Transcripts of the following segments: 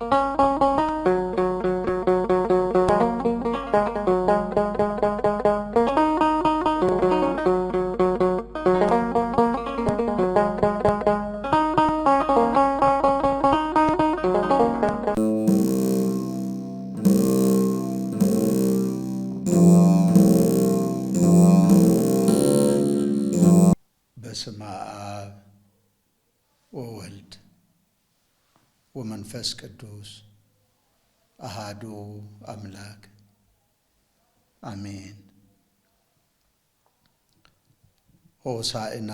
Música ሆሳዕና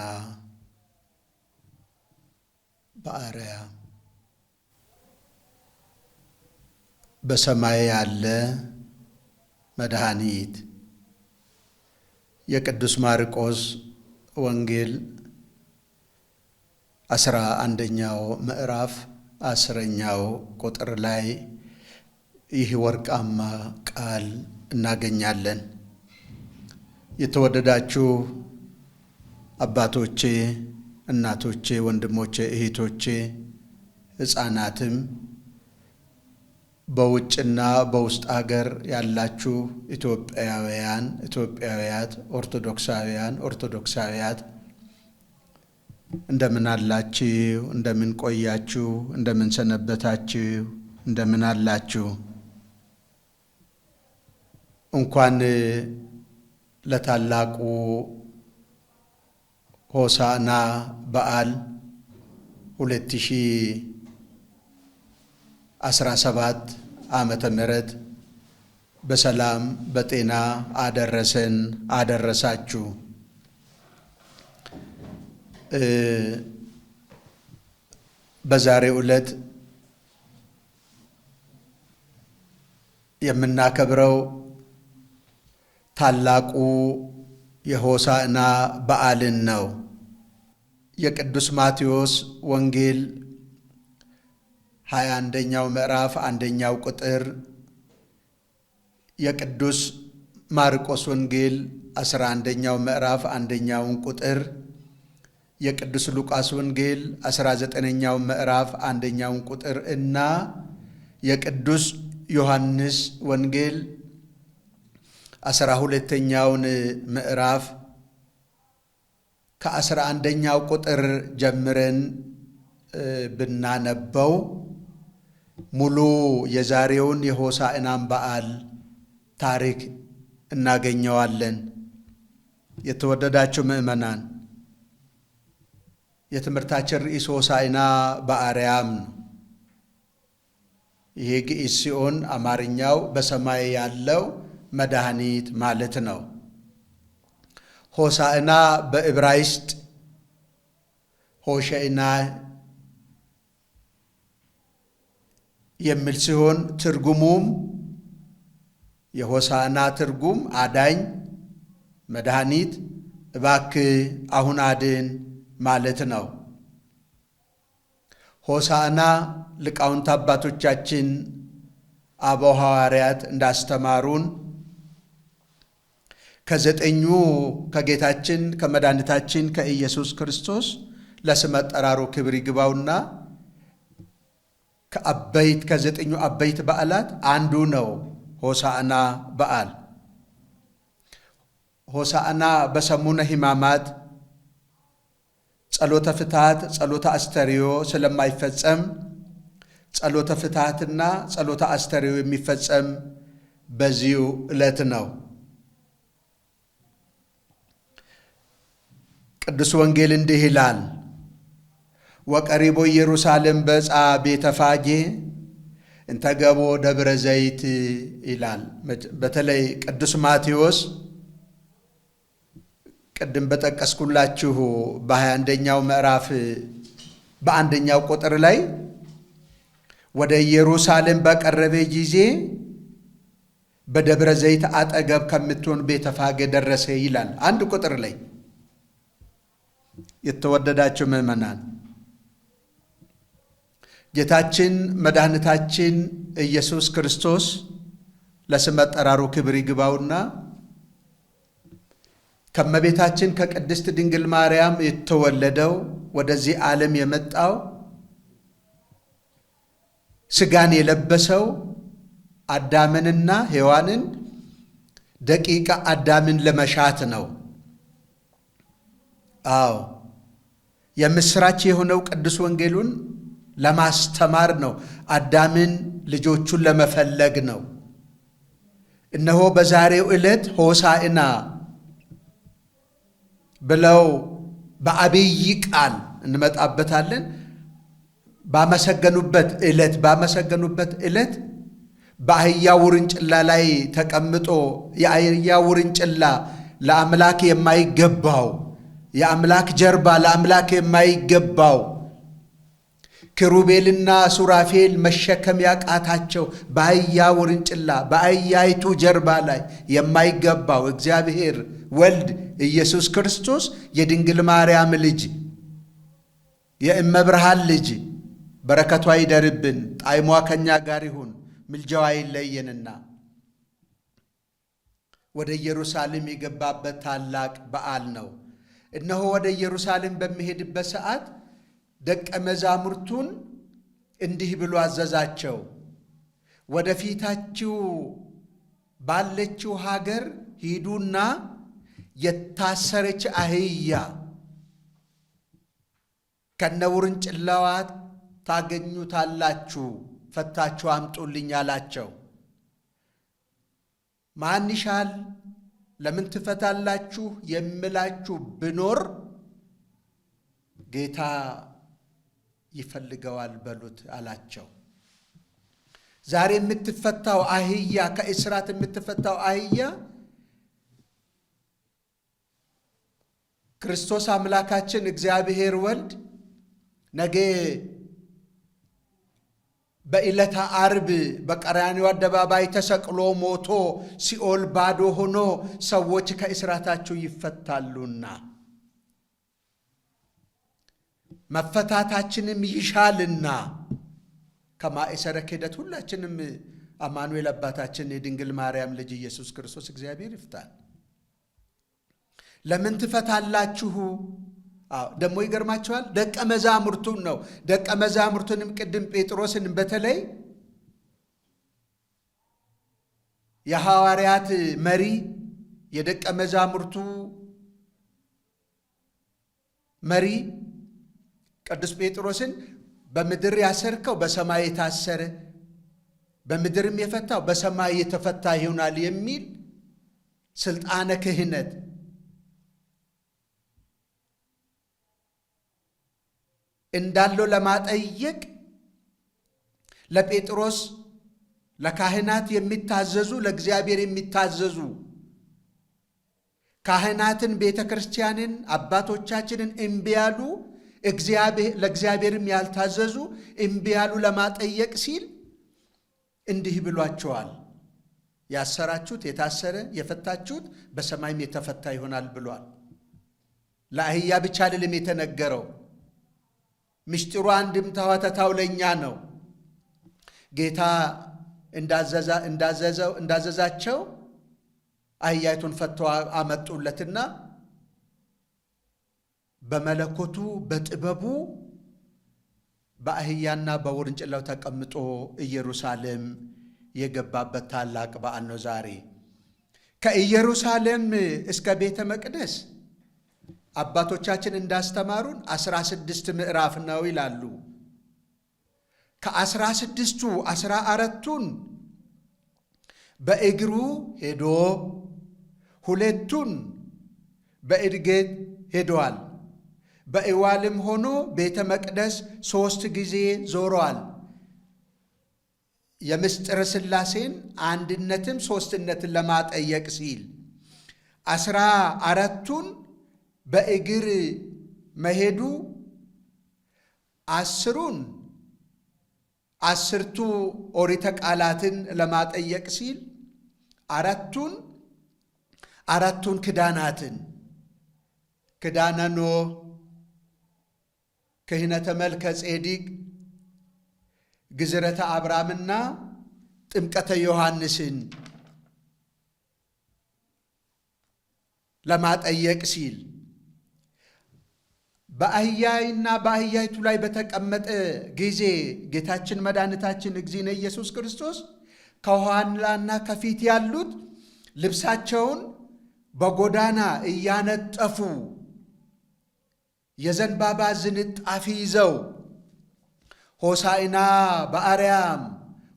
በአርያ በሰማይ ያለ መድኃኒት የቅዱስ ማርቆስ ወንጌል አስራ አንደኛው ምዕራፍ አስረኛው ቁጥር ላይ ይህ ወርቃማ ቃል እናገኛለን። የተወደዳችሁ አባቶቼ፣ እናቶቼ፣ ወንድሞቼ፣ እህቶቼ ሕፃናትም በውጭና በውስጥ አገር ያላችሁ ኢትዮጵያውያን፣ ኢትዮጵያውያት፣ ኦርቶዶክሳውያን፣ ኦርቶዶክሳውያት እንደምን አላችሁ? እንደምን ቆያችሁ? እንደምን ሰነበታችሁ? እንደምን አላችሁ? እንኳን ለታላቁ ሆሳና በዓል 2017 ዓመተ ምህረት በሰላም በጤና አደረሰን አደረሳችሁ። በዛሬ ዕለት የምናከብረው ታላቁ የሆሳዕና በዓልን ነው። የቅዱስ ማቴዎስ ወንጌል 21ኛው ምዕራፍ አንደኛው ቁጥር የቅዱስ ማርቆስ ወንጌል 11ኛው ምዕራፍ አንደኛውን ቁጥር የቅዱስ ሉቃስ ወንጌል 19ኛው ምዕራፍ አንደኛውን ቁጥር እና የቅዱስ ዮሐንስ ወንጌል 12ኛውን ምዕራፍ ከአስራ አንደኛው ቁጥር ጀምረን ብናነበው ሙሉ የዛሬውን የሆሳዕናን በዓል ታሪክ እናገኘዋለን። የተወደዳችሁ ምእመናን የትምህርታችን ርዕስ ሆሳዕና በአርያም ነው። ይሄ ግዕዝ ሲሆን አማርኛው በሰማይ ያለው መድኃኒት ማለት ነው። ሆሳእና በዕብራይስጥ ሆሸእና የሚል ሲሆን ትርጉሙም የሆሳእና ትርጉም አዳኝ፣ መድኃኒት፣ እባክ አሁን አድን ማለት ነው። ሆሳእና ሊቃውንት አባቶቻችን አበው ሐዋርያት እንዳስተማሩን ከዘጠኙ ከጌታችን ከመድኃኒታችን ከኢየሱስ ክርስቶስ ለስመ አጠራሩ ክብር ይግባውና ከአበይት ከዘጠኙ አበይት በዓላት አንዱ ነው ሆሳዕና በዓል። ሆሳዕና በሰሙነ ሕማማት ጸሎተ ፍትሐት፣ ጸሎተ አስተሪዮ ስለማይፈጸም ጸሎተ ፍትሐትና ጸሎተ አስተሪዮ የሚፈጸም በዚሁ ዕለት ነው። ቅዱስ ወንጌል እንዲህ ይላል፣ ወቀሪቦ ኢየሩሳሌም በፃ ፋጌ እንተገቦ ደብረ ዘይት ይላል። በተለይ ቅዱስ ማቴዎስ ቅድም በጠቀስኩላችሁ በሀያ አንደኛው ምዕራፍ በአንደኛው ቁጥር ላይ ወደ ኢየሩሳሌም በቀረበ ጊዜ በደብረ ዘይት አጠገብ ከምትሆን ፋጌ ደረሰ ይላል። አንድ ቁጥር ላይ የተወደዳቸው ምዕመናን ጌታችን መድኃኒታችን ኢየሱስ ክርስቶስ ለስመ ጠራሩ ክብር ይግባውና ከመቤታችን ከቅድስት ድንግል ማርያም የተወለደው ወደዚህ ዓለም የመጣው ስጋን የለበሰው አዳምንና ሔዋንን ደቂቀ አዳምን ለመሻት ነው። አዎ የምስራች የሆነው ቅዱስ ወንጌሉን ለማስተማር ነው። አዳምን ልጆቹን ለመፈለግ ነው። እነሆ በዛሬው ዕለት ሆሳዕና ብለው በአብይ ቃል እንመጣበታለን። ባመሰገኑበት ዕለት ባመሰገኑበት ዕለት በአህያ ውርንጭላ ላይ ተቀምጦ የአህያ ውርንጭላ ለአምላክ የማይገባው የአምላክ ጀርባ ለአምላክ የማይገባው ክሩቤልና ሱራፌል መሸከም ያቃታቸው በአህያ ውርንጭላ በአህያይቱ ጀርባ ላይ የማይገባው እግዚአብሔር ወልድ ኢየሱስ ክርስቶስ የድንግል ማርያም ልጅ የእመብርሃን ልጅ በረከቷ ይደርብን፣ ጣዕሟ ከእኛ ጋር ይሁን፣ ምልጃዋ አይለየንና ወደ ኢየሩሳሌም የገባበት ታላቅ በዓል ነው። እነሆ ወደ ኢየሩሳሌም በሚሄድበት ሰዓት ደቀ መዛሙርቱን እንዲህ ብሎ አዘዛቸው፣ ወደፊታችሁ ባለችው ሀገር ሂዱና የታሰረች አህያ ከነውርንጭላዋ ታገኙታላችሁ፣ ፈታችሁ አምጡልኝ አላቸው። ማን ይሻል ለምን ትፈታላችሁ የምላችሁ ብኖር ጌታ ይፈልገዋል በሉት አላቸው። ዛሬ የምትፈታው አህያ ከእስራት የምትፈታው አህያ ክርስቶስ አምላካችን እግዚአብሔር ወልድ ነገ በዕለተ አርብ በቀራንዮ አደባባይ ተሰቅሎ ሞቶ ሲኦል ባዶ ሆኖ ሰዎች ከእስራታቸው ይፈታሉና መፈታታችንም ይሻልና ከማእሰረ ክህደት ሁላችንም አማኑኤል አባታችን የድንግል ማርያም ልጅ ኢየሱስ ክርስቶስ እግዚአብሔር ይፍታል። ለምን ትፈታላችሁ? ደግሞ ይገርማቸዋል። ደቀ መዛሙርቱን ነው። ደቀ መዛሙርቱንም ቅድም ጴጥሮስን በተለይ የሐዋርያት መሪ የደቀ መዛሙርቱ መሪ ቅዱስ ጴጥሮስን በምድር ያሰርከው በሰማይ የታሰረ በምድርም የፈታው በሰማይ የተፈታ ይሆናል የሚል ስልጣነ ክህነት እንዳለው ለማጠየቅ ለጴጥሮስ ለካህናት የሚታዘዙ ለእግዚአብሔር የሚታዘዙ ካህናትን፣ ቤተ ክርስቲያንን፣ አባቶቻችንን እምቢ ያሉ ለእግዚአብሔርም ያልታዘዙ እምቢ ያሉ ለማጠየቅ ሲል እንዲህ ብሏቸዋል። ያሰራችሁት የታሰረ የፈታችሁት በሰማይም የተፈታ ይሆናል ብሏል። ለአህያ ብቻ አይደለም የተነገረው ምስጢሩ አንድምታዋ ለእኛ ነው። ጌታ እንዳዘዛቸው አህያይቱን ፈተው አመጡለትና በመለኮቱ በጥበቡ በአህያና በውርንጭላው ተቀምጦ ኢየሩሳሌም የገባበት ታላቅ በዓል ነው ዛሬ። ከኢየሩሳሌም እስከ ቤተ መቅደስ አባቶቻችን እንዳስተማሩን አስራ ስድስት ምዕራፍ ነው ይላሉ። ከአስራ ስድስቱ አስራ አረቱን በእግሩ ሄዶ ሁለቱን በእድገት ሄደዋል። በእዋልም ሆኖ ቤተ መቅደስ ሦስት ጊዜ ዞረዋል። የምስጢረ ሥላሴን አንድነትም ሦስትነትን ለማጠየቅ ሲል አስራ አረቱን በእግር መሄዱ አስሩን አስርቱ ኦሪተ ቃላትን ለማጠየቅ ሲል አራቱን አራቱን ክዳናትን ክዳነ ኖህ፣ ክህነተ መልከ ጼዲቅ፣ ግዝረተ አብርሃምና ጥምቀተ ዮሐንስን ለማጠየቅ ሲል በአህያይና በአህያይቱ ላይ በተቀመጠ ጊዜ ጌታችን መድኃኒታችን እግዚእነ ኢየሱስ ክርስቶስ ከኋላና ከፊት ያሉት ልብሳቸውን በጎዳና እያነጠፉ የዘንባባ ዝንጣፊ ይዘው ሆሳዕና በአርያም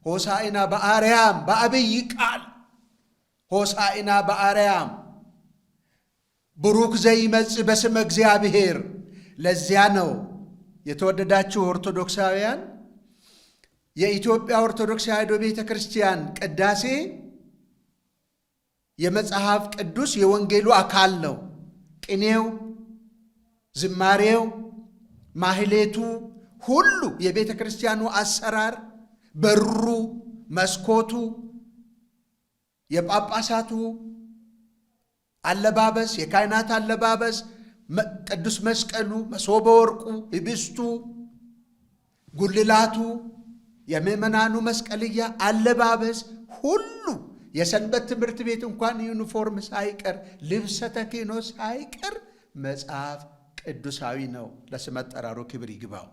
ሆሳዕና በአርያም በአብይ ቃል ሆሳዕና በአርያም ብሩክ ዘይመጽእ በስመ እግዚአብሔር ለዚያ ነው የተወደዳችሁ ኦርቶዶክሳውያን የኢትዮጵያ ኦርቶዶክስ ተዋሕዶ ቤተ ክርስቲያን ቅዳሴ የመጽሐፍ ቅዱስ የወንጌሉ አካል ነው። ቅኔው፣ ዝማሬው፣ ማህሌቱ ሁሉ የቤተ ክርስቲያኑ አሰራር በሩ፣ መስኮቱ፣ የጳጳሳቱ አለባበስ፣ የካህናት አለባበስ ቅዱስ መስቀሉ፣ መሶበ ወርቁ፣ ይብስቱ ጉልላቱ፣ የምዕመናኑ መስቀልያ፣ አለባበስ ሁሉ የሰንበት ትምህርት ቤት እንኳን ዩኒፎርም ሳይቀር ልብሰ ተክህኖ ሳይቀር መጽሐፍ ቅዱሳዊ ነው። ለስመ አጠራሩ ክብር ይግባው።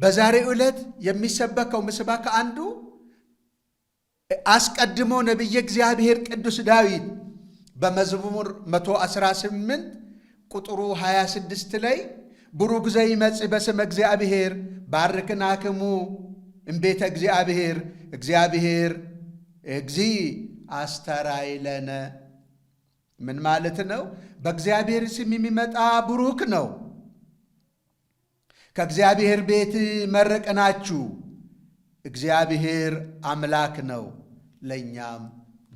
በዛሬ ዕለት የሚሰበከው ምስባክ አንዱ አስቀድሞ ነቢየ እግዚአብሔር ቅዱስ ዳዊት በመዝሙር 118 ቁጥሩ 26 ላይ ጊዜ ዘይመጽእ በስመ እግዚአብሔር ባርክናክሙ እምቤተ እግዚአብሔር እግዚአብሔር እግዚ አስተራይለነ ምን ማለት ነው? በእግዚአብሔር ስም የሚመጣ ብሩክ ነው። ከእግዚአብሔር ቤት መረቅናችሁ። እግዚአብሔር አምላክ ነው፣ ለእኛም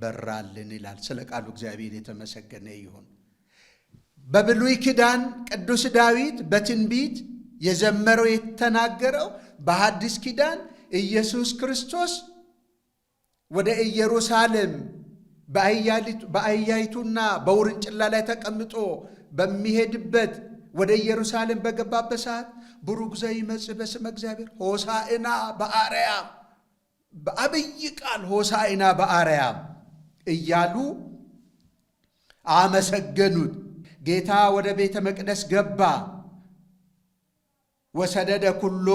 በራልን ይላል። ስለ ቃሉ እግዚአብሔር የተመሰገነ ይሁን። በብሉይ ኪዳን ቅዱስ ዳዊት በትንቢት የዘመረው የተናገረው፣ በሐዲስ ኪዳን ኢየሱስ ክርስቶስ ወደ ኢየሩሳሌም በአህያይቱና በውርንጭላ ላይ ተቀምጦ በሚሄድበት ወደ ኢየሩሳሌም በገባበት ሰዓት ብሩክ ዘኢመጽእ በስመ እግዚአብሔር ሆሳዕና በአርያም በአብይ ቃል ሆሳዕና በአርያም እያሉ አመሰገኑት። ጌታ ወደ ቤተ መቅደስ ገባ። ወሰደደ ኩሎ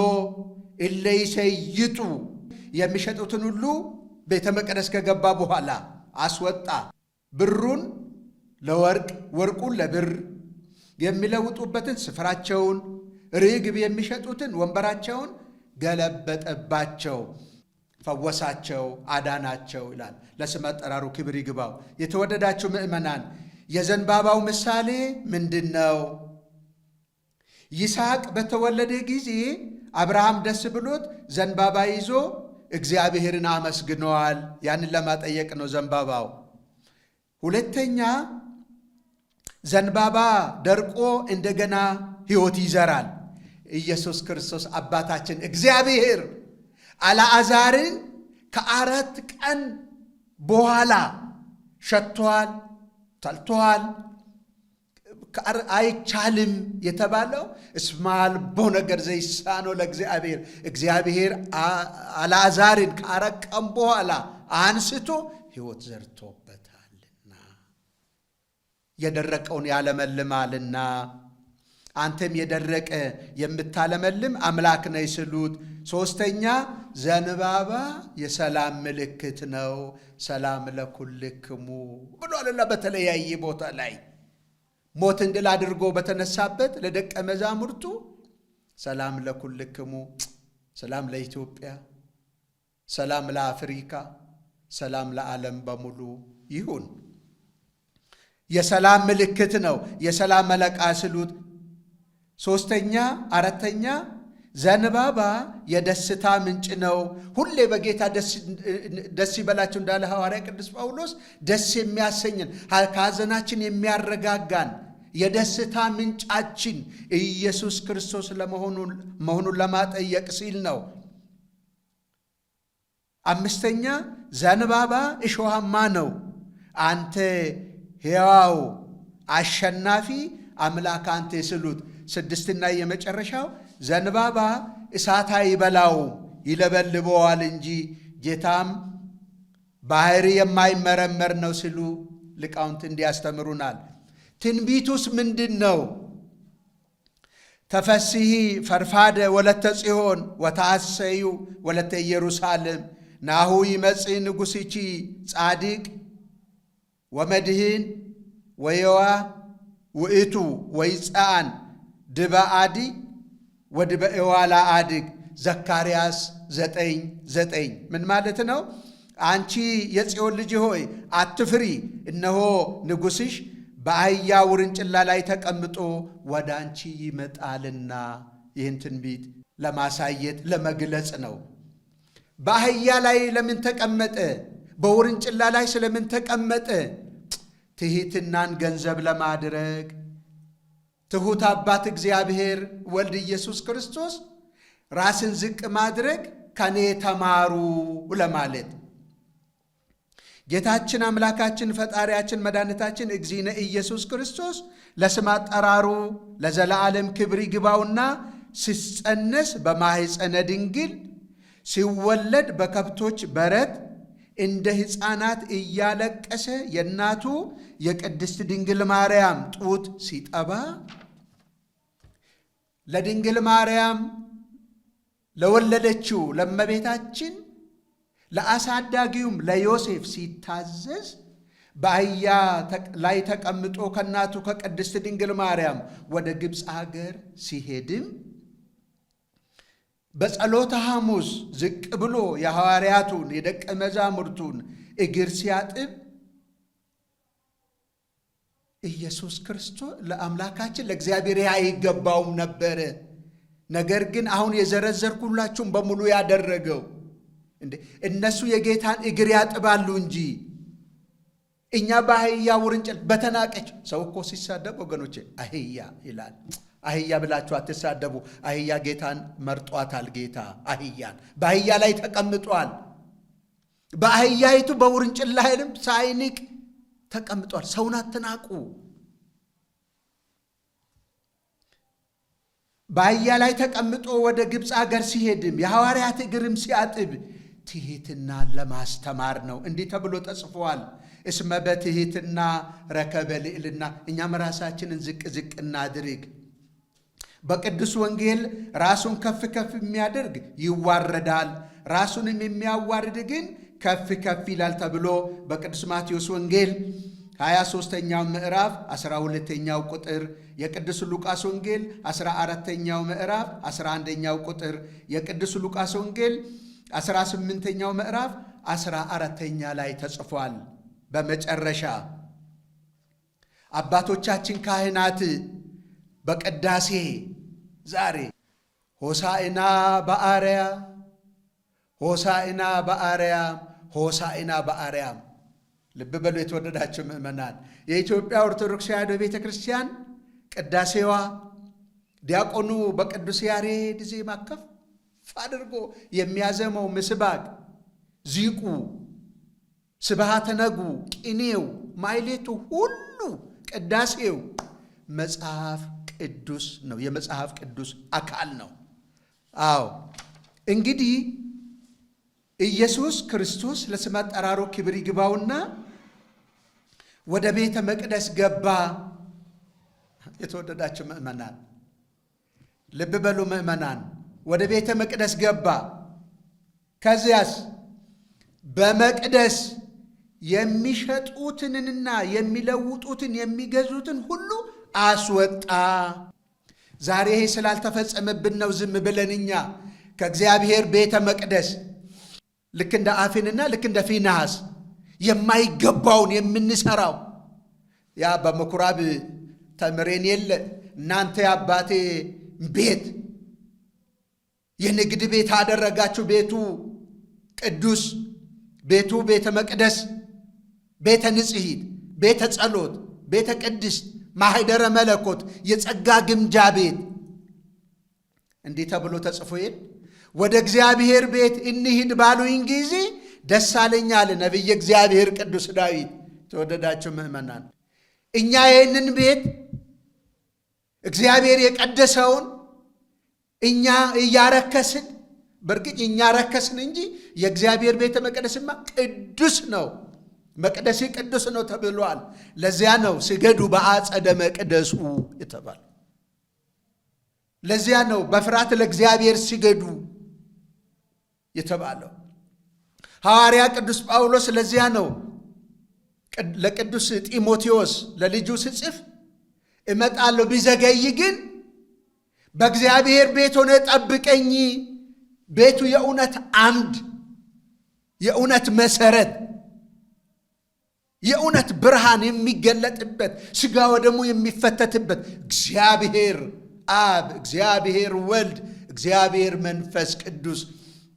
እለይሰይጡ የሚሸጡትን ሁሉ ቤተ መቅደስ ከገባ በኋላ አስወጣ። ብሩን ለወርቅ ወርቁን ለብር የሚለውጡበትን ስፍራቸውን፣ ርግብ የሚሸጡትን ወንበራቸውን ገለበጠባቸው፣ ፈወሳቸው፣ አዳናቸው ይላል። ለስመ አጠራሩ ክብር ይግባው። የተወደዳችሁ ምእመናን የዘንባባው ምሳሌ ምንድን ነው? ይስሐቅ በተወለደ ጊዜ አብርሃም ደስ ብሎት ዘንባባ ይዞ እግዚአብሔርን አመስግነዋል። ያንን ለማጠየቅ ነው ዘንባባው። ሁለተኛ ዘንባባ ደርቆ እንደገና ሕይወት ይዘራል። ኢየሱስ ክርስቶስ አባታችን እግዚአብሔር አልዓዛርን ከአራት ቀን በኋላ ሸጥቷል፣ ተሳልተዋል፣ አይቻልም የተባለው እስማል ቦ ነገር ዘይሳኖ ለእግዚአብሔር እግዚአብሔር አልዓዛርን ከአራት በኋላ አንስቶ ህይወት ዘርቶበታልና የደረቀውን ያለመልማልና አንተም የደረቀ የምታለመልም አምላክ ነይ ስሉት ሶስተኛ ዘንባባ የሰላም ምልክት ነው። ሰላም ለኩልክሙ ብሏልና በተለያየ ቦታ ላይ ሞትን ድል አድርጎ በተነሳበት ለደቀ መዛሙርቱ ሰላም ለኩልክሙ፣ ሰላም ለኢትዮጵያ፣ ሰላም ለአፍሪካ፣ ሰላም ለዓለም በሙሉ ይሁን። የሰላም ምልክት ነው። የሰላም መለቃ ስሉት ሶስተኛ አራተኛ ዘንባባ የደስታ ምንጭ ነው። ሁሌ በጌታ ደስ ይበላቸው እንዳለ ሐዋርያ ቅዱስ ጳውሎስ ደስ የሚያሰኝን ከሐዘናችን የሚያረጋጋን የደስታ ምንጫችን ኢየሱስ ክርስቶስ ለመሆኑን ለማጠየቅ ሲል ነው። አምስተኛ ዘንባባ እሾሃማ ነው። አንተ ሕያው አሸናፊ አምላክ አንተ ስሉት። ስድስትና የመጨረሻው ዘንባባ እሳት ይበላው ይለበልበዋል እንጂ ጌታም ባህሪ የማይመረመር ነው ሲሉ ሊቃውንት እንዲያስተምሩናል። ትንቢቱስ ምንድን ነው? ተፈስሂ ፈርፋደ ወለተ ጽዮን ወታሰዩ ወለተ ኢየሩሳሌም ናሁ ይመጽእ ንጉሥቺ ጻድቅ ወመድህን ወየዋ ውእቱ ወይፀአን ድበ አዲ ወድ በኤዋላ አድግ ዘካርያስ ዘጠኝ ዘጠኝ ምን ማለት ነው? አንቺ የጽዮን ልጅ ሆይ አትፍሪ፣ እነሆ ንጉሥሽ በአህያ ውርንጭላ ላይ ተቀምጦ ወደ አንቺ ይመጣልና። ይህን ትንቢት ለማሳየት ለመግለጽ ነው። በአህያ ላይ ለምን ተቀመጠ? በውርንጭላ ላይ ስለምን ተቀመጠ? ትሕትናን ገንዘብ ለማድረግ ትሑት አባት እግዚአብሔር ወልድ ኢየሱስ ክርስቶስ ራስን ዝቅ ማድረግ ከኔ ተማሩ ለማለት ጌታችን አምላካችን ፈጣሪያችን መድኃኒታችን እግዚእነ ኢየሱስ ክርስቶስ ለስም አጠራሩ ለዘለዓለም ክብር ይግባውና ሲጸነስ በማሕፀነ ድንግል ሲወለድ በከብቶች በረት እንደ ሕፃናት እያለቀሰ የእናቱ የቅድስት ድንግል ማርያም ጡት ሲጠባ ለድንግል ማርያም ለወለደችው ለመቤታችን ለአሳዳጊውም ለዮሴፍ ሲታዘዝ በአህያ ላይ ተቀምጦ ከእናቱ ከቅድስት ድንግል ማርያም ወደ ግብፅ አገር ሲሄድም በጸሎተ ሐሙስ ዝቅ ብሎ የሐዋርያቱን የደቀ መዛሙርቱን እግር ሲያጥብ ኢየሱስ ክርስቶስ ለአምላካችን ለእግዚአብሔር አይገባውም ነበረ። ነገር ግን አሁን የዘረዘርኩላችሁን በሙሉ ያደረገው እነሱ የጌታን እግር ያጥባሉ እንጂ እኛ በአህያ ውርንጭል በተናቀች ሰው እኮ ሲሳደብ ወገኖቼ አህያ ይላል። አህያ ብላችሁ አትሳደቡ። አህያ ጌታን መርጧታል። ጌታ አህያን በአህያ ላይ ተቀምጧል። በአህያይቱ በውርንጭላይንም ላይም ሳይንቅ ተቀምጧል። ሰውን አትናቁ። በአህያ ላይ ተቀምጦ ወደ ግብፅ አገር ሲሄድም የሐዋርያት እግርም ሲያጥብ ትሕትና ለማስተማር ነው። እንዲህ ተብሎ ተጽፏል። እስመ በትሕትና ረከበ ልዕልና። እኛም ራሳችንን ዝቅ ዝቅ እናድርግ። በቅዱስ ወንጌል ራሱን ከፍ ከፍ የሚያደርግ ይዋረዳል፣ ራሱንም የሚያዋርድ ግን ከፍ ከፍ ይላል ተብሎ በቅዱስ ማቴዎስ ወንጌል 23ኛው ምዕራፍ 12ኛው ቁጥር የቅዱስ ሉቃስ ወንጌል 14ኛው ምዕራፍ 11ኛው ቁጥር የቅዱስ ሉቃስ ወንጌል 18ኛው ምዕራፍ 14ኛ ላይ ተጽፏል። በመጨረሻ አባቶቻችን ካህናት በቅዳሴ ዛሬ ሆሳዕና በአርያም ሆሳዕና በአርያም ሆሳዕና በአርያም። ልብ በሉ የተወደዳችሁ ምእመናን፣ የኢትዮጵያ ኦርቶዶክስ ተዋሕዶ ቤተ ክርስቲያን ቅዳሴዋ ዲያቆኑ በቅዱስ ያሬድ ዜማ ከፍ አድርጎ የሚያዘመው ምስባክ፣ ዚቁ፣ ስብሐተ ነጉ፣ ቅኔው፣ ማይሌቱ ሁሉ ቅዳሴው መጽሐፍ ቅዱስ ነው። የመጽሐፍ ቅዱስ አካል ነው። አዎ እንግዲህ ኢየሱስ ክርስቶስ ለስም አጠራሩ ክብር ይግባውና ወደ ቤተ መቅደስ ገባ። የተወደዳችሁ ምእመናን ልብ በሉ ምእመናን፣ ወደ ቤተ መቅደስ ገባ። ከዚያስ በመቅደስ የሚሸጡትንና የሚለውጡትን የሚገዙትን ሁሉ አስወጣ። ዛሬ ይሄ ስላልተፈጸመብን ነው ዝም ብለን እኛ ከእግዚአብሔር ቤተ መቅደስ ልክ እንደ አፊንና ልክ እንደ ፊናሐስ የማይገባውን የምንሰራው። ያ በምኩራብ ተምሬን የለ እናንተ የአባቴ ቤት የንግድ ቤት አደረጋችሁ። ቤቱ ቅዱስ፣ ቤቱ ቤተ መቅደስ፣ ቤተ ንጽሂት፣ ቤተ ጸሎት፣ ቤተ ቅድስት ማህደረ መለኮት የጸጋ ግምጃ ቤት እንዲህ ተብሎ ተጽፎ ይል ወደ እግዚአብሔር ቤት እንሂድ ባሉኝ ጊዜ ደስ አለኝ አለ ነቢየ እግዚአብሔር ቅዱስ ዳዊት። ተወደዳችሁ ምእመናን፣ እኛ ይህንን ቤት እግዚአብሔር የቀደሰውን እኛ እያረከስን፣ በእርግጥ እኛ ረከስን እንጂ የእግዚአብሔር ቤተ መቅደስማ ቅዱስ ነው። መቅደሴ ቅዱስ ነው ተብሏል። ለዚያ ነው ስገዱ በአጸደ መቅደሱ የተባለ። ለዚያ ነው በፍርሃት ለእግዚአብሔር ስገዱ የተባለው። ሐዋርያ ቅዱስ ጳውሎስ ለዚያ ነው ለቅዱስ ጢሞቴዎስ ለልጁ ስጽፍ እመጣለሁ ቢዘገይ ግን በእግዚአብሔር ቤት ሆነ ጠብቀኝ። ቤቱ የእውነት አምድ የእውነት መሰረት የእውነት ብርሃን የሚገለጥበት ስጋ ወደሙ የሚፈተትበት እግዚአብሔር አብ፣ እግዚአብሔር ወልድ፣ እግዚአብሔር መንፈስ ቅዱስ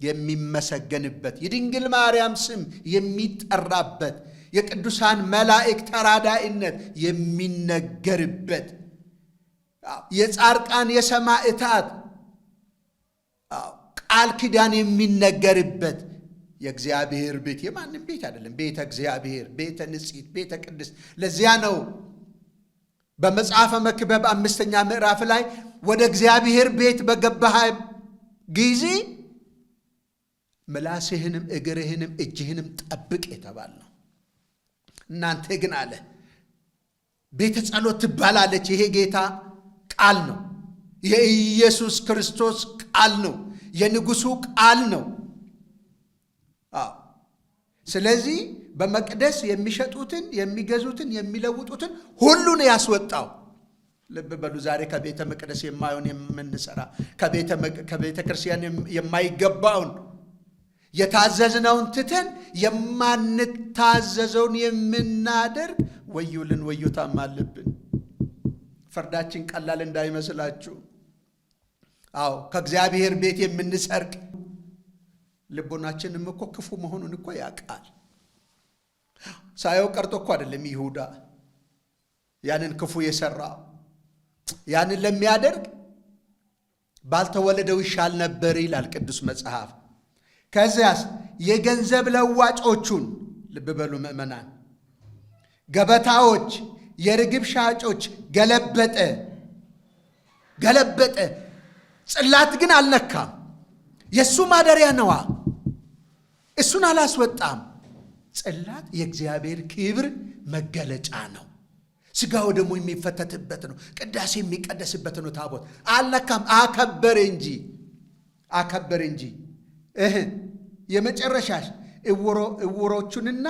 የሚመሰገንበት የድንግል ማርያም ስም የሚጠራበት የቅዱሳን መላእክ ተራዳይነት የሚነገርበት የጻርቃን የሰማዕታት ቃል ኪዳን የሚነገርበት የእግዚአብሔር ቤት የማንም ቤት አይደለም። ቤተ እግዚአብሔር፣ ቤተ ንጽሕት፣ ቤተ ቅድስት። ለዚያ ነው በመጽሐፈ መክበብ አምስተኛ ምዕራፍ ላይ ወደ እግዚአብሔር ቤት በገባህ ጊዜ ምላስህንም እግርህንም እጅህንም ጠብቅ የተባል ነው። እናንተ ግን አለ ቤተ ጸሎት ትባላለች። ይሄ ጌታ ቃል ነው። የኢየሱስ ክርስቶስ ቃል ነው። የንጉሱ ቃል ነው። ስለዚህ በመቅደስ የሚሸጡትን የሚገዙትን የሚለውጡትን ሁሉን ያስወጣው። ልብ በሉ። ዛሬ ከቤተ መቅደስ የማይሆን የምንሰራ ከቤተ ክርስቲያን የማይገባውን የታዘዝነውን ትተን የማንታዘዘውን የምናደርግ ወዩልን ወዮታም አለብን። ፍርዳችን ቀላል እንዳይመስላችሁ። አዎ ከእግዚአብሔር ቤት የምንሰርቅ ልቦናችንም እኮ ክፉ መሆኑን እኮ ያውቃል። ሳየው ቀርቶ እኮ አይደለም ይሁዳ ያንን ክፉ የሰራው። ያንን ለሚያደርግ ባልተወለደው ይሻል ነበር ይላል ቅዱስ መጽሐፍ። ከዚያስ የገንዘብ ለዋጮቹን ልብ በሉ ምእመናን፣ ገበታዎች፣ የርግብ ሻጮች ገለበጠ ገለበጠ። ጽላት ግን አልነካም። የእሱ ማደሪያ ነዋ። እሱን አላስወጣም። ጽላት የእግዚአብሔር ክብር መገለጫ ነው። ስጋው ደግሞ የሚፈተትበት ነው። ቅዳሴ የሚቀደስበት ነው። ታቦት አልነካም። አከበር እንጂ አከበር እንጂ የመጨረሻሽ እውሮቹንና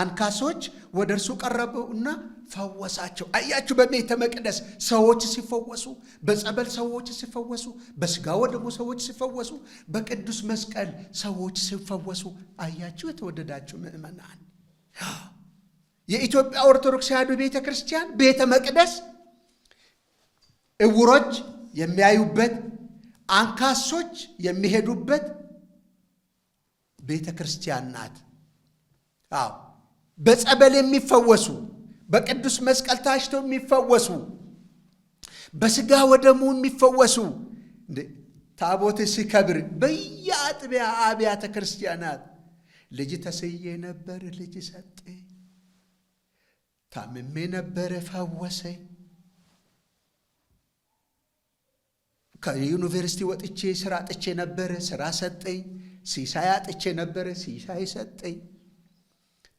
አንካሶች ወደ እርሱ ቀረቡና ፈወሳቸው። አያችሁ፣ በቤተ መቅደስ ሰዎች ሲፈወሱ፣ በጸበል ሰዎች ሲፈወሱ፣ በስጋ ወደሙ ሰዎች ሲፈወሱ፣ በቅዱስ መስቀል ሰዎች ሲፈወሱ፣ አያችሁ። የተወደዳችሁ ምእመናን፣ የኢትዮጵያ ኦርቶዶክስ ተዋሕዶ ቤተ ክርስቲያን ቤተ መቅደስ እውሮች የሚያዩበት፣ አንካሶች የሚሄዱበት ቤተ ክርስቲያን ናት። አዎ በጸበል የሚፈወሱ በቅዱስ መስቀል ታሽተው የሚፈወሱ በስጋ ወደሙ የሚፈወሱ ታቦት ሲከብር በየአጥቢያ አብያተ ክርስቲያናት ልጅ ተስዬ ነበር፣ ልጅ ሰጠ፣ ታምሜ ነበረ፣ ፈወሰ፣ ከዩኒቨርሲቲ ወጥቼ ስራ አጥቼ ነበረ፣ ስራ ሰጠኝ፣ ሲሳይ አጥቼ ነበረ፣ ሲሳይ ሰጠኝ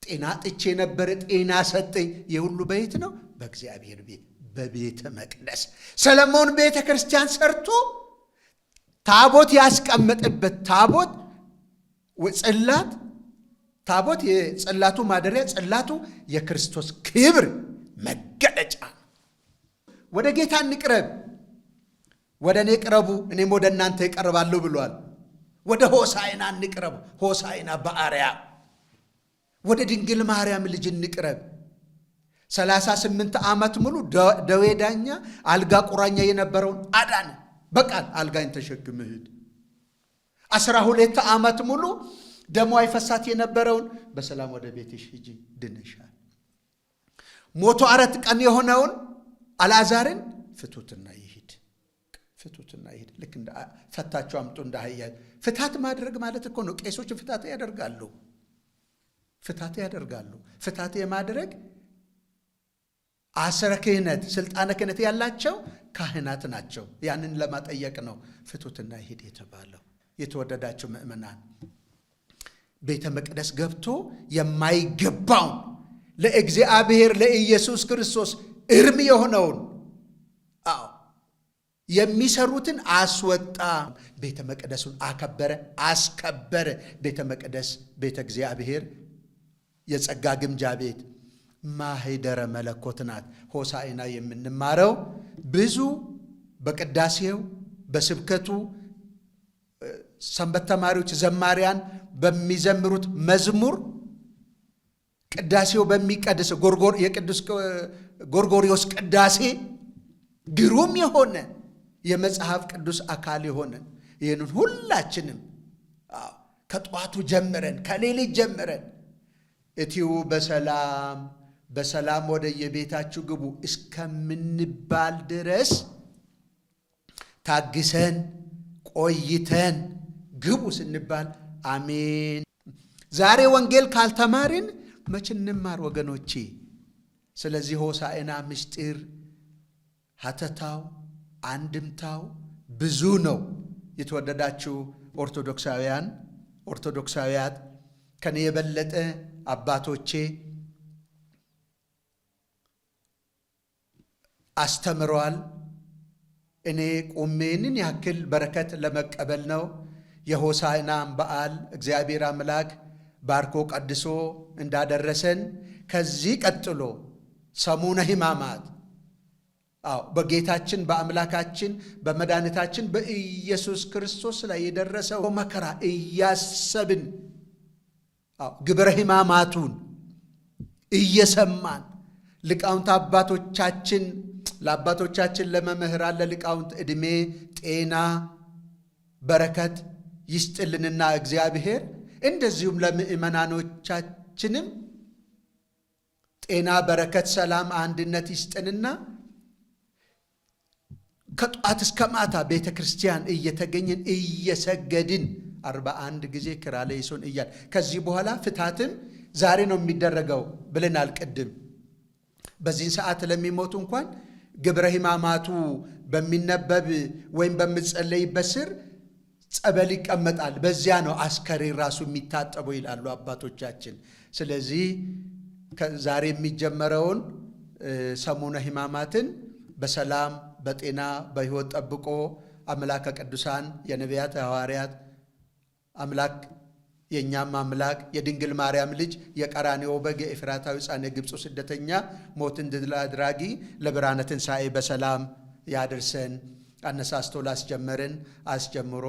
ጤና ጥቼ ነበረ፣ ጤና ሰጠኝ። የሁሉ በየት ነው? በእግዚአብሔር ቤት በቤተ መቅደስ ሰለሞን ቤተ ክርስቲያን ሰርቶ ታቦት ያስቀመጠበት ታቦት ጽላት ታቦት የጽላቱ ማደሪያ ጽላቱ የክርስቶስ ክብር መገለጫ። ወደ ጌታ እንቅረብ። ወደ እኔ ቅረቡ እኔም ወደ እናንተ ይቀርባለሁ ብሏል። ወደ ሆሳይና እንቅረቡ። ሆሳይና በአርያ ወደ ድንግል ማርያም ልጅ እንቅረብ። ሰላሳ ስምንት ዓመት ሙሉ ደዌ ዳኛ አልጋ ቁራኛ የነበረውን አዳነ። በቃል አልጋኝ ተሸክመ ሂድ። አስራ ሁለት ዓመት ሙሉ ደሞ አይፈሳት የነበረውን በሰላም ወደ ቤትሽ ሂጂ ድንሻል። ሞቶ አራት ቀን የሆነውን አልዓዛርን ፍቱትና ይሂድ፣ ፍቱትና ይሂድ። ልክ ፈታቸው አምጡ እንደ አህያ። ፍታት ማድረግ ማለት እኮ ነው። ቄሶች ፍታት ያደርጋሉ። ፍታቴ ያደርጋሉ። ፍታቴ የማድረግ አስረ ክህነት ስልጣነ ክህነት ያላቸው ካህናት ናቸው። ያንን ለማጠየቅ ነው ፍቱትና ሄድ የተባለው። የተወደዳቸው ምእመናን ቤተ መቅደስ ገብቶ የማይገባውን ለእግዚአብሔር ለኢየሱስ ክርስቶስ እርም የሆነውን አዎ የሚሰሩትን አስወጣ። ቤተ መቅደሱን አከበረ፣ አስከበረ። ቤተ መቅደስ ቤተ እግዚአብሔር የጸጋ ግምጃ ቤት ማህደረ መለኮት ናት። ሆሳዕና የምንማረው ብዙ በቅዳሴው በስብከቱ ሰንበት ተማሪዎች ዘማሪያን በሚዘምሩት መዝሙር ቅዳሴው በሚቀድስ የቅዱስ ጎርጎሪዎስ ቅዳሴ ግሩም የሆነ የመጽሐፍ ቅዱስ አካል የሆነ ይህንን ሁላችንም ከጠዋቱ ጀምረን ከሌሊት ጀምረን እቲው በሰላም በሰላም ወደ የቤታችሁ ግቡ እስከምንባል ድረስ ታግሰን ቆይተን ግቡ ስንባል አሜን። ዛሬ ወንጌል ካልተማርን መቼ እንማር ወገኖቼ? ስለዚህ ሆሳዕና ምስጢር ሀተታው አንድምታው ብዙ ነው። የተወደዳችሁ ኦርቶዶክሳውያን ኦርቶዶክሳውያት ከኔ የበለጠ አባቶቼ አስተምረዋል። እኔ ቁሜንን ያክል በረከት ለመቀበል ነው። የሆሳዕናም በዓል እግዚአብሔር አምላክ ባርኮ ቀድሶ እንዳደረሰን ከዚህ ቀጥሎ ሰሙነ ሕማማት አዎ በጌታችን በአምላካችን በመድኃኒታችን በኢየሱስ ክርስቶስ ላይ የደረሰው መከራ እያሰብን ግብረ ሕማማቱን እየሰማን ሊቃውንት አባቶቻችን ለአባቶቻችን ለመምህራን ለሊቃውንት ዕድሜ ጤና በረከት ይስጥልንና እግዚአብሔር እንደዚሁም ለምእመናኖቻችንም ጤና በረከት፣ ሰላም፣ አንድነት ይስጥንና ከጠዋት እስከ ማታ ቤተ ክርስቲያን እየተገኘን እየሰገድን አርባ አንድ ጊዜ ክራለይሶን እያል ከዚህ በኋላ ፍታትም ዛሬ ነው የሚደረገው ብለናል አልቅድም በዚህን ሰዓት ለሚሞቱ እንኳን ግብረ ሕማማቱ በሚነበብ ወይም በሚጸለይበት ስር ጸበል ይቀመጣል። በዚያ ነው አስከሬን ራሱ የሚታጠበው ይላሉ አባቶቻችን። ስለዚህ ዛሬ የሚጀመረውን ሰሙነ ሕማማትን በሰላም በጤና በሕይወት ጠብቆ አምላከ ቅዱሳን የነቢያት ሐዋርያት አምላክ የእኛም አምላክ የድንግል ማርያም ልጅ የቀራኔው በግ የኤፍራታዊ ሕፃን የግብፁ ስደተኛ ሞትን ድል አድራጊ ለብርሃነ ትንሣኤ በሰላም ያድርሰን። አነሳስቶ ላስጀመርን አስጀምሮ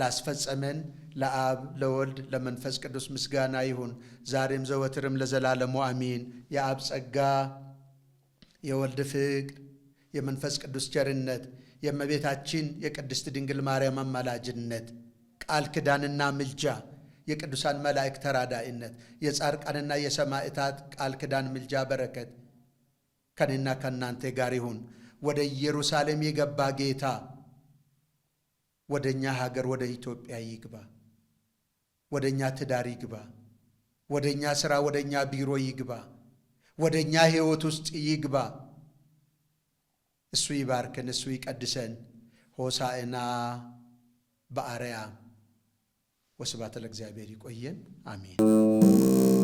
ላስፈጸመን ለአብ ለወልድ ለመንፈስ ቅዱስ ምስጋና ይሁን፣ ዛሬም ዘወትርም ለዘላለሙ አሚን። የአብ ጸጋ የወልድ ፍቅር የመንፈስ ቅዱስ ቸርነት የእመቤታችን የቅድስት ድንግል ማርያም አማላጅነት ቃል ክዳንና ምልጃ፣ የቅዱሳን መላእክት ተራዳኢነት፣ የጻድቃንና የሰማዕታት ቃል ክዳን ምልጃ በረከት ከኔና ከእናንተ ጋር ይሁን። ወደ ኢየሩሳሌም የገባ ጌታ ወደ እኛ ሀገር ወደ ኢትዮጵያ ይግባ። ወደ እኛ ትዳር ይግባ። ወደ እኛ ሥራ፣ ወደ እኛ ቢሮ ይግባ። ወደ እኛ ሕይወት ውስጥ ይግባ። እሱ ይባርክን፣ እሱ ይቀድሰን። ሆሳዕና በአርያም ወስብሐት ለእግዚአብሔር። ይቆየን። አሜን።